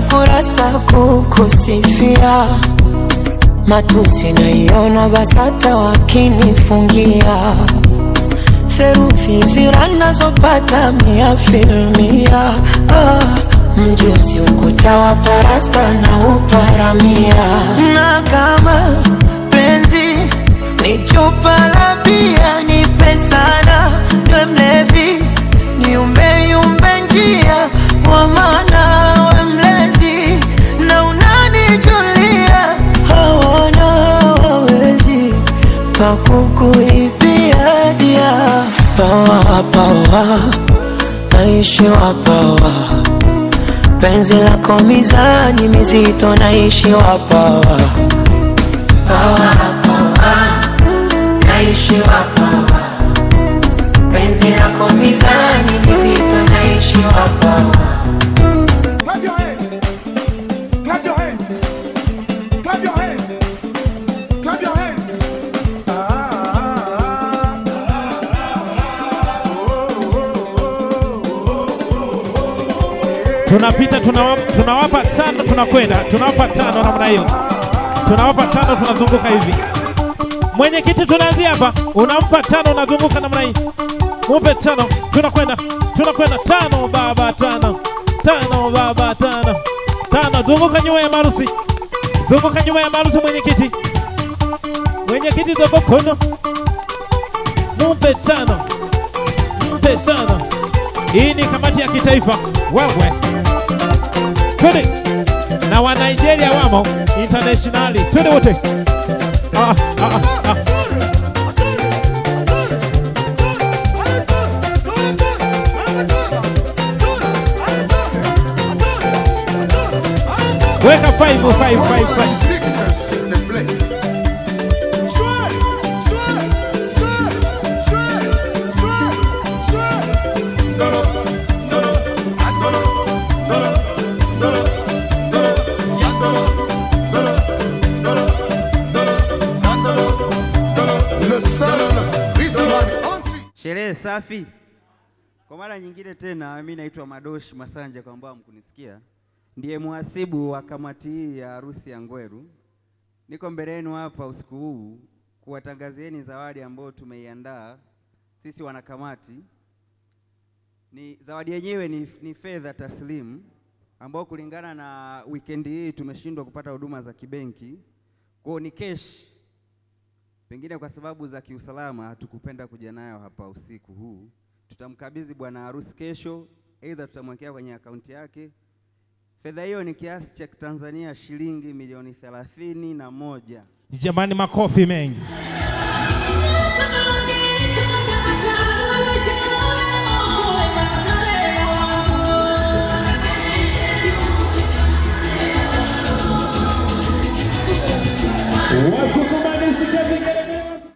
kurasa kukusifia, matusi naiona, basata hata wakinifungia theruthi ziranazopata mia filmia. Ah, mjusi ukuta wa parasta na uparamia, na kama penzi nichopalabia ni pesana twemlevi pakukuibia dia pawa pawa naishiwa pawa penzi lako mizani mizito naishiwa pawa tunapita tunawapa, tunawapa tano, tunakwenda tunawapa tano namna hiyo, tunawapa tano, tunazunguka hivi. Mwenyekiti, tunaanzia hapa, unampa tano, unazunguka namna hii, mupe tano, tunakwenda tunakwenda tano, baba tano, tano baba tano, tano, zunguka nyuma ya marusi, zunguka nyuma ya marusi. Mwenyekiti, mwenyekiti, dobokono, mupe tano, mupe tano. Hii ni kamati ya kitaifa, wewe twende na wa Nigeria wamo internationally, twende wote. Weka 5 5 5 5 Hey, eh, safi. Kwa mara nyingine tena, mi naitwa Madoshi Masanja, kwa ambao mkunisikia, ndiye mhasibu wa kamati hii ya harusi ya Ngweru. Niko mbele yenu hapa usiku huu kuwatangazieni zawadi ambayo tumeiandaa sisi wanakamati. Ni zawadi yenyewe ni, ni fedha taslimu ambao kulingana na wikendi hii tumeshindwa kupata huduma za kibenki, kwao ni keshi Pengine kwa sababu za kiusalama hatukupenda kuja nayo hapa usiku huu. Tutamkabidhi bwana harusi kesho, aidha tutamwekea kwenye akaunti yake. Fedha hiyo ni kiasi cha Tanzania shilingi milioni thelathini na moja. Jamani, makofi mengi